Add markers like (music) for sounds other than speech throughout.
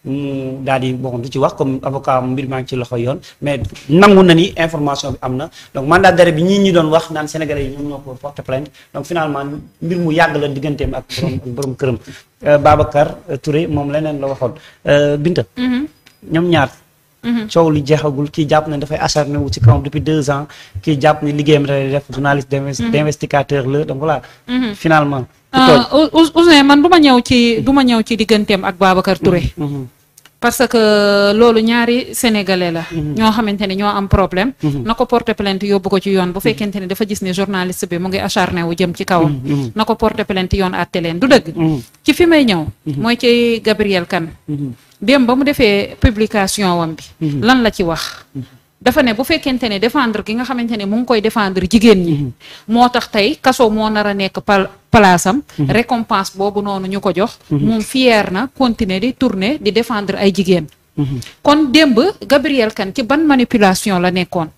mu daal di bon du ci wax comme avocat mbir maa ngi ci loxo yoon mais nangu na ni information bi am na donc mandat d'arrêt bi ñii ñi doon wax naan sénégalais yi ñoom ñoo ko porte plainte donc finalement mbir mu yàgg la digganteem ak borom borom këram euh, Babacar Touré moom leneen la waxoon euh, Binta mm-hmm. ñoom ñaar mm-hmm. coow li jeexagul kii jàpp na dafay acharné wu ci kawam depuis deux ans kii jàpp ne liggéeyam dafay def mm-hmm. d'investigateur la donc voilà finalement Ah, Ouzin man du ma ñëw ci du ma ñëw ci digganteem ak Babacar Touré. Mm-hmm. Mm-hmm. parce que loolu ñaari sénégalais la. Mm-hmm. ñoo xamante ne ñoo am problème. na ko porter plainte yóbbu ko ci yoon bu fekkente ne dafa gis ne journaliste bi mu ngi acharné wu jëm ci kawam. na ko porter plainte yoon àtte leen du dëgg. ci fi may ñëw. mooy ci Gabriel Kane. démb ba mu defee publication wam bi. lan la ci wax. dafa ne bu fekkente ne défendre gi nga xamante ne mu ngi koy défendre jigéen ñi mhm. moo tax tey kaso moo nar a nekk pal palaasam mhm. récompense boobu noonu ñu ko jox mhm. moom fier na continuer di tourner di defendre ay jigéen kon démb Gabrielle kan ci ban manipulation la nekkoon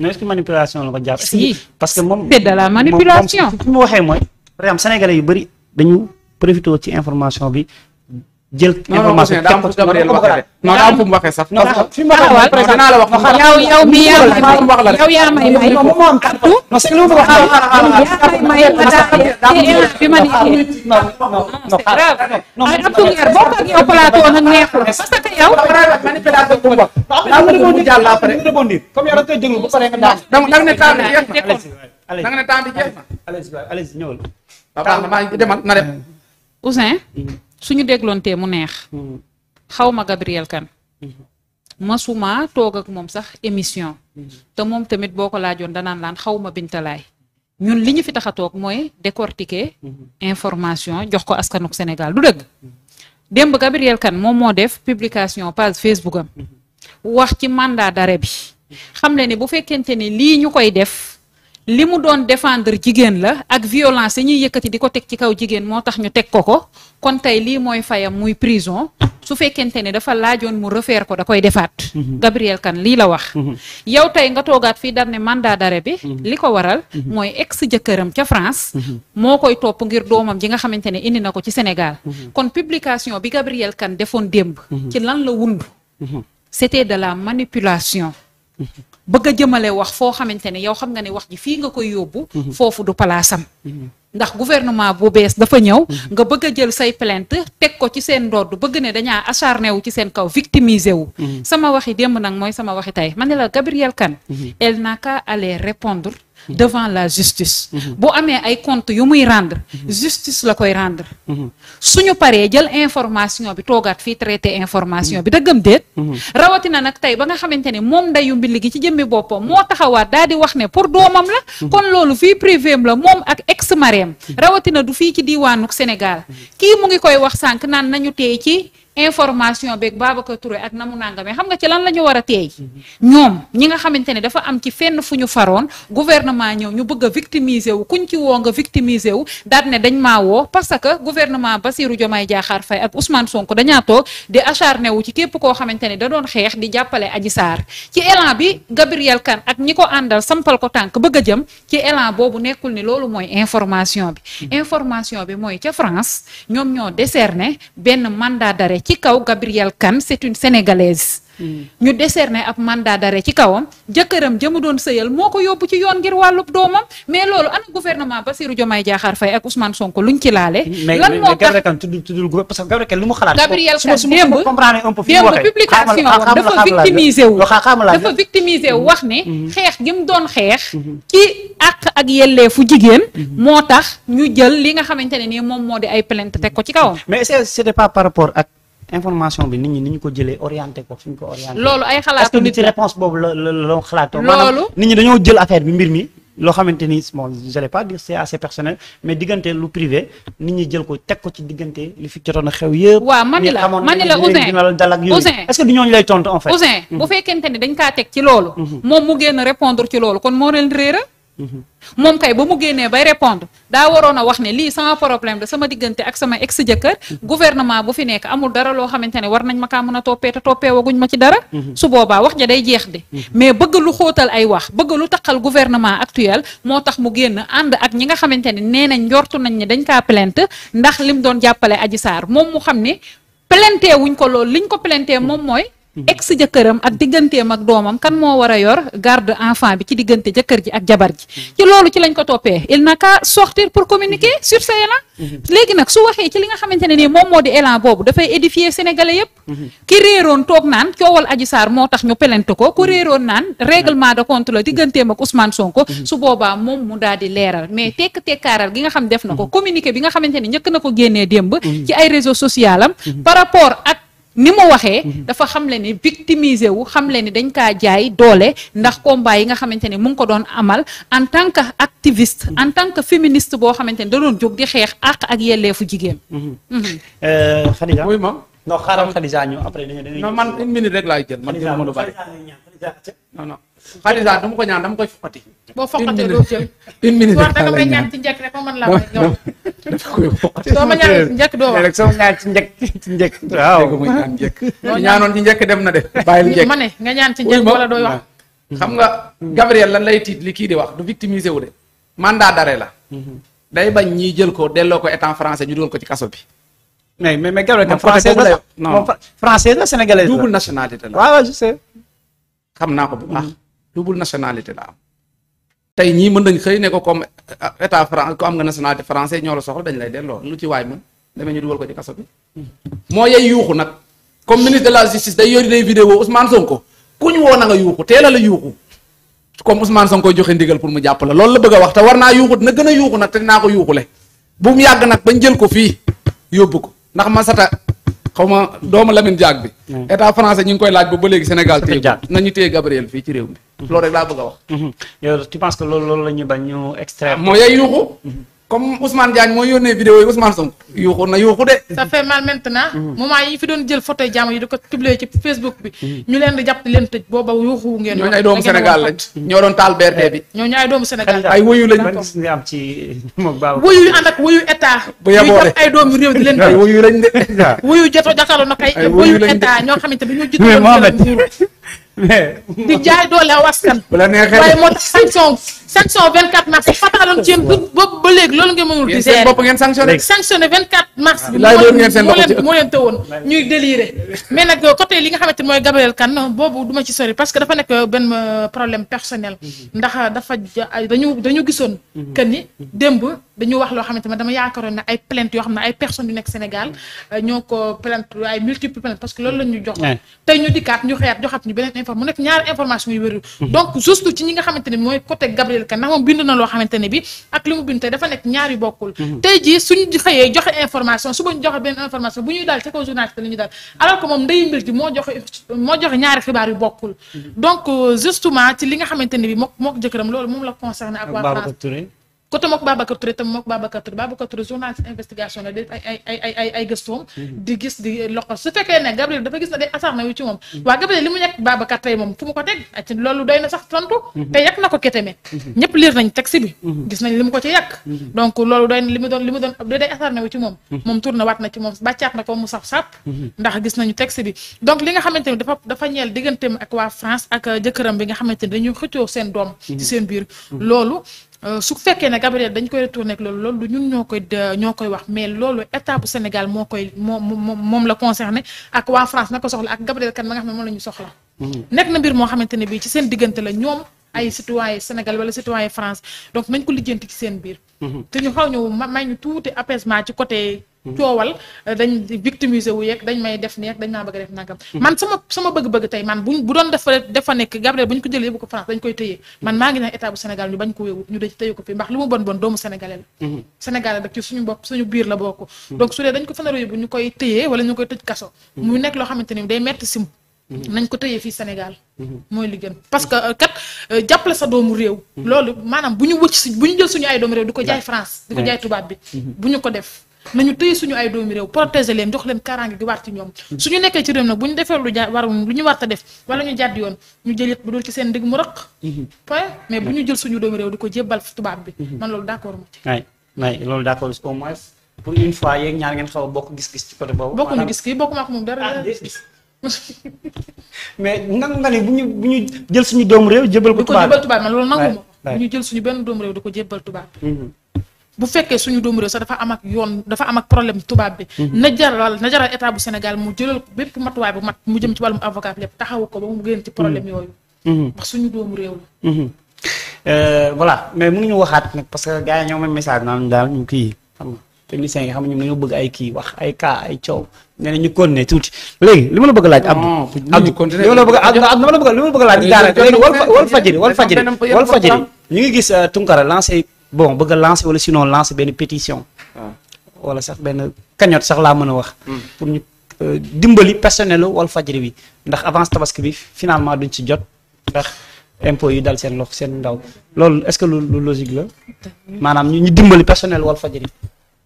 non est manipulation la ko parce que moom c'est de la manipulation waxee mooy par exemple sénégalais yu bëri dañu profité ci information bi jël information bi tam ko waxee non daa am fu mu waxee sax. parce que fi mu waxee président naa la wax. yow yow mi yaa may may yow yaa may may. moom moo am kàddu. non c'est que li ma bëgg a wax. yaa may may ma bi ma nii. c'est grave. Abdou Nguer bokk ak yow plateau nag neexul. parce que yow. manipulation bu mu wax. daa ma déggoon di jàll après. comme yow da koy déglu ba pare nga daan. donc da nga ne temps bi jeex na. da nga ne temps bi jeex na. Allez-y allez-y ñëwal. maa ngi demal na dem. Ousseyn. suñu dégloontee mu neex hmm. xawma ma Gabriel Kane hmm. masuma toog ak moom sax émission hmm. te moom tamit boo ko laajoon danaan laan xaw ma bintalaay ñun li ñu fi tax a toog mooy décortiquer information jox ko askanuk Sénégal du dëgg démb Gabriel Kane moom moo def publication page Facebook wax ci mandat d'arrêt bi xam le ne bu fekkente ne lii ñu koy def li mu doon défendre jigéen la ak violence yi ñuy yëkkati di ko teg ci kaw jigéen moo tax ñu teg ko ko kon tey lii mooy fayam muy prison su fekkente ne dafa laajoon mu refaire ko da koy defaat. Mhm. Gabriel kan lii la wax. Mhm. yow tey nga toogaat fii daan ne manda d'arrêt bi. Mhm. li ko waral mooy ex jëkkëram ca France. moo koy topp ngir doomam ji nga xamante ne indi na ko ci Sénégal. kon publication bi Gabriel kan defoon démb. ci lan la wund. c'était de la manipulation. bëgg a jëmale wax foo xamante ne yow xam nga ne wax ji fii nga koy yóbbu mhm. foofu du palaasam mhm. ndax gouvernement bu bees dafa ñëw mhm. nga bëgg a jël say plainte teg ko ci seen ndodd bëgg ne dañaa acharné wu ci seen kaw victimiser wu sama waxi démb nag mooy sama waxi tey ma ne la Gabrielle Kane elle n'a qu'à aller répondre Mm-hmm. devant la justice mm-hmm. bu amee ay compte yu muy rendre mm-hmm. justice la koy rendre suñu paree jël information bi toogaat fii traité information bi dëggam déet rawatina nag tey ba nga xamante ne moom ndayu mbilli gi ci jëmmi boppam moo taxawaat daal di wax ne pour doomam la kon loolu fii privé am la moom ak ex mareem rawatina du fii ci diiwaanu Sénégal kii mu ngi koy wax sànq naan nañu tey ci information beeg Babacar Touré ak namu nangamee xam nga ci lan la ñu war a teey ñoom ñi nga xamante ne dafa am ci fenn fu ñu faroon gouvernement ñëw ñu bëgg a victimiser wu kuñ ci woo nga victimiser wu daal ne dañ maa parce que gouvernement Bassirou Diomaye Diakhar Faye ak Ousmane Sonko dañaa toog di acharné wu ci képp koo xamante ni da doon xeex di jàppale Adji Sarr ci élan bi Gabriel Kane ak ñi ko àndal sampal ko tànk bëgg jëm ci élan boobu nekkul ni loolu mooy information bi information bi mooy ca ñoom ñoo décerné benn mandat d'arrêt ci kaw Gabrielle Kane c'est une sénégalaise. Hmm. ñu décerné ab mandat d'arrêt ci kawam jëkkëram jëmu doon sëyal moo ko yóbbu ci yoon ngir wàllu doomam mais loolu ana gouvernement Bassirou Diomaye Diakhar Faye ak Ousmane Sonko luñ ci laale lan moo tax mais tuddul tuddul gouvernement parce que Gabrielle Kane démb démb publication dafa victimisé wax ne xeex gi doon xeex ci àq ak yelleefu jigéen mm-hmm. moo tax ñu jël li nga xamante ne nii moom moo di ay plainte teg ko ci kawam mais c'était pas rapport ak information bi nit ñi ni ñu ko jëlee orienté ko fi ñu ko orienté. loolu ay xalaat est nit ci réponse boobu la la la xalaatoo. maanaam nit ñi dañoo jël affaire bi mbir mi. loo xamante ni bon j'allais pas dire c'est assez personnel diggante lu privé nit ñi jël ko teg ko ci diggante li fi jotoon a xew yëpp. waaw man la man la est du ñooñu lay tontu en fait. Ouzin bu mm-hmm. fekkente ne dañ kaa teg ci loolu. Mm-hmm. moom mu génn répondre ci loolu kon moo leen moom kay ba mu génnee bay répondre daa waroon a wax ne lii sama problème la sama diggante ak sama ex jëkkër gouvernement bu fi nekk amul dara loo xamante ne war nañ ma kaa mën a toppee te toppee waguñ ma ci dara mhm. su boobaa wax ja day jeex de mhm. mais bëgg lu xóotal ay wax bëgg lu taqal gouvernement actuel moo tax mu génn ànd ak ñi nga xamante ne nee nañ njortu nañ ne dañ kaa plainte ndax lim doon jàppale aji saar moom mu xam ne plainte wuñ ko loolu liñ ko plainte moom mooy ex jëkkëram ak digganteem ak doomam kan moo war a yor garde enfant bi ci diggante jëkkër ji ak jabar ji mm-hmm. ci loolu ci lañ ko toppee il n'a sortir pour communiquer mm-hmm. sur ça là mm-hmm. léegi nag su waxee ci li nga xamante ne nii moom moo di élan boobu dafay édifier sénégalais yépp ki réeroon toog naan coowal Adji Sarr moo tax ñu pelente ko ku réeroon naan règlement de compte la digganteem ak Ousmane Sonko su boobaa moom mu daal di leeral mais tekk tekkaaral gi nga xam def na ko communiqué bi nga xamante ni ñëkk na ko génnee démb ci ay réseaux sociaux am par rapport ni mu waxee dafa xam le ni victimiser wu xam le ni dañ kaa jaay doole ndax combat yi nga xamante ne mu ngi ko doon amal en tant que activiste en tant que féministe boo xamante ne da doon jóg di xeex àq ak yelleefu jigéen mhm. Mhm. Euh, Khadija oui ma non xaaral Khadija man une minute rek laay jël bari non Xadija dama ko ñaan dama koy foqati. boo foqatee doo jël une minute da nga may ñaan ci njëkk rek (laughs) ma soo ma ñaanee ci njëkk doo wax rek soo ñaan ci njëkk ci njëkk. waaw ñaan njëkk. ñaanoon dem na de. bàyyil njëkk nga ñaan ci njëkk wala wax. xam nga Gabriel la lay tiit li kii di wax du victimiser wu de mandat d'arrêt la. Mhm. day ba ñiy jël ko delloo ko état français ñu dugal ko ci kaso bi. mais mais mais Gabriel français la non la sénégalais la double nationalité la waaw je naa ko bu baax mhm. double nationalité la am tey ñii mën nañ xëy ne ko comme euh, état France ko am nga nationalité français ñoo la soxla dañ lay delloo lu ci waay mën demee ñu dugal ko ci kaso bi moo yey yuuxu nag comme ministre de la justice day yori day vidéo Ousmane Sonko ku ñu woo na nga yuuxu teel a la yuuxu comme Ousmane Sonko joxe ndigal pour mu jàpp la loolu la bëgg a wax te war naa yuuxu dina gën a yuuxu nag te naa ko yuuxule bu mu yàgg nag bañ jël ko fii yóbbu ko ndax Massata xaw ma doomu Lamine Diack bi état français ñu ngi koy laaj ba ba léegi Sénégal téye nañu fii ci réew mi loolu rek laa bëgg a wax. Mhm. yow tu penses que loolu loolu bañ ñu extraire. Ah, moo yay yuuxu. comme Ousmane Diagne mooy yónnee vidéo yi Ousmane Sonko yuuxu na yuuxu de. ça fait mal maintenant. Mhm. moment yi fi doon jël photo jàmm yi mhm. doomu Sénégal lañ. ay doomu Sénégal ay wuyu lañ. ban (laughs) ak ay doomu réew di leen tëj. wuyu lañ de. wuyu joto jàkkaarloo di jaay doole aw askan. bu la neexee waaye moo tax sanction sanction 24 mars fataloon mars. moo leen moo leen ñuy déliré. mais nag li nga xamante ni mooy Gabriel Kane boobu duma ci sori parce que dafa nekk benn euh, problème personnel. ndax dafa dañu gisoon. que démb dañu wax loo xamante dama yaakaaroon ne ay plainte yoo xam ne ay personnes yu nekk Sénégal euh, ñoo ko plainte ay multiple plainte parce que loolu la jox. tey ñu dikkaat ñu xeyaat joxaat ñu beneen informe mu nekk ñaari information yu wérul mhm. donc juste ci ñi nga xamante ne bi mooy côté Gabriel Kane ndax moom bind na loo xamante ne bi ak li mu bind tey dafa nekk ñaari bokkul mhm. tey jii suñu xëyee joxe information suba ñu joxe benn information bu ñuy daal ca kaw journaliste la ñuy daal alors que moom ndeyu mbir ji moo joxe moo joxe ñaari yu bokkul mhm. donc euh, justement ci li nga xamante ne bi moo moo ko jëkkëram loolu moom la concerné ak waa France côté mook Babacar Touré tam mook Babacar Touré Babacar Touré ay ay ay mhm. di gis di su fekkee ne Gabriel dafa gis ne day asar na wu ci moom mhm. waa Gabriel li mu na sax mhm. nañ texte bi gis nañ li mu ci yàq donc loolu doy li mu doon li mu doon da day asar na wu ci moom moom tourné waat na ci moom bàccaat na ko mu saf sàpp ndax gis nañu texte bi donc li nga xamante ni dafa dafa ñeel digganteem ak waa France ak jëkkëram bi nga xamante ni dañuy xëccoo seen doom ci seen biir loolu Euh, su fekkee ne Gabriel dañ koy retourné ak loolu ñun ñoo koy wax mais loolu état bu Sénégal moom moom la concerné ak waa France na ko soxla ak Gabriel kan ma nga xam ne moom la ñu soxla. Mm-hmm. nekk na mbir moo xamante ne bii ci seen diggante la ñoom ay citoyen Sénégal wala citoyen France donc nañ ko lijjanti ci seen biir. Mm-hmm. te ñu xaw ñu may ñu tuuti apaisement ci côté. Mhm. coowal eh, dañ victimiser wu yeeg dañ may def neeg dañ maa bëgg a def nangam. man sama sama bëgg-bëgg tey man buñ bu doon dafa dafa nekk Gabriel bu ñu ko jëlee yóbbu ko France dañ koy tëyee mhm. man maa ngi naan état bu Sénégal ñu bañ ko wéewu ñu daj tëye ko fii ndax lu mu bon bon doomu sénégalais la mhm. sénégalais rek ci suñu bopp suñu biir la bokk donc su dee dañ ñu koy tëyee wala kaso mu nekk loo xamante ni day metti sim nañ ko tëyee fii Sénégal mooy li parce que eh, kat eh, jàppale sa doomu réew loolu maanaam bu ñu wëcc si bu ñu jël suñu ay doomu réew di ko jaay France di ko jaay tubaab bi bu ñu ko def nañu tëye suñu ay doomi réew protéger leen jox leen kaaraange gi war ci ñoom mm. suñu nekkee ci réew nag bu ñu defee lu ja war lu ñu war def wala ñu jàdd yoon ñu jël yëpp bu dul ci seen mm-hmm. ko jébbal tubaab bi mm-hmm. man loolu d'accord ma ci waay waay loolu d'accord au moins a bokk gis-gis ci gis-gis bokkuma ko moom dara ah, (laughs) mais nangu bu ñu bu ñu jël suñu doomu réew jébbal ko tubaab bi man loolu nangu ma bu ñu jël suñu benn doom réew du ko jébbal tubaab mm-hmm. bu fekkee suñu doomu réew sax dafa am ak yoon dafa am ak problème tubaab bi mhm. na jaral na jaral état bu Sénégal mu jëlal ko bépp matuwaay bu mat mu jëm ci wàllum avocat bi lépp ko ba mu génn ci problème mhm. yooyu mhm. ndax la euh, voilà mais mënuñu waxaat nag parce que gars yi ñoo ma message naan daal ñu xam nga techniciens yi xam nga bëgg kii wax ay cas ay coow tuuti léegi li ma la bëgg laaj Abdou Abdou a ma la bëgg li ma la bëgg laaj daal léegi wal wal fajiri wal fajiri wal fajiri ñu ngi gis euh, Tunkara lancé bon bëgg a lancer wala sinon lancer benn pétition. Ah. wala sax benn cagnotte sax laa mën a wax. Hmm. pour ñu euh, dimbali personnel Walfadjri bi ndax avance tabaski bi finalement duñ ci jot ndax impôts yi dal seen lox seen ndaw loolu est-ce que lu logique la maanaam ñu dimbali personnel Walfadjri.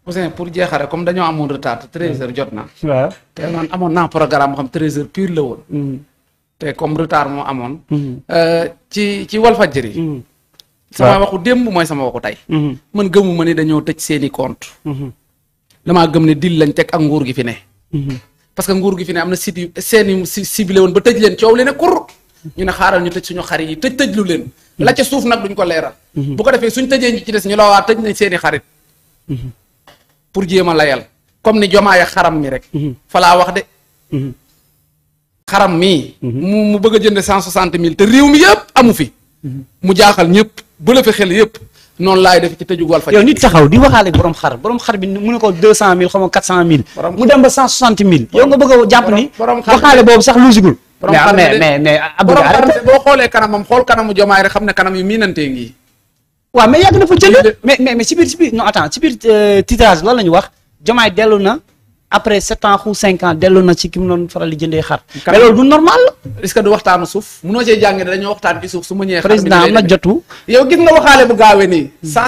Ousseyn pour jeexare comme dañoo amoon retard treize heures jot na. waaw te man amoon naa programme moo xam treize heures pure la woon. Hmm. te comme retard moo amoon. Hmm. Euh, ci ci Walfadjri. sama ah. waxu démb mooy sama waxu tey. Mhm. man gëmuma ni dañoo tëj seeni compte mhm. damaa gëm ne dil lañ teg ak nguur gi fi ne. Mhm. parce que nguur gi fi ne am na site yu seen yu ciblé woon ba tëj leen coow leen ne kur. ñu ne xaaral ñu tëj suñu xarit yi tëj tëj lu leen. la ca suuf nag duñ ko leeral. bu ko defee suñ tëjee ci des ñu la waa tëj nañ seeni xarit. pour jéema a layal comme ni jomaaya xaram mi rek. fa laa wax de. xaram mi. mu mu bëgg a jënd cent soixante mille te réew mi yëpp amu fi. mu jaaxal ñëpp. bu la fi xel yëpp noonu laay def ci tëjug Walfadjri. yow nit taxaw di waxaale borom xar borom xar mu ne ko mu dem ba 160000. nga bëgg a jàpp ni waxaale boobu sax lusigul. borom xar mais mais mais Abdou boo xoolee kanamam xool kanamu jomaay rek xam ne kanam yu miinantee ngi. waaw mais yàgg na fa jënd mais mais mais si biir si biir non attends si biir euh, titrage lan la ñu wax jomaay dellu na après sept ans ou cinq ans dellu na ci ki mu doon faral xar. mais du normal la. que du waxtaanu suuf. munoo cee jàngee dañoo waxtaan ci suuf su ma ñëwee. xar mi président am na jotu. yow gis nga waxaale bu gaawee nii. Hmm.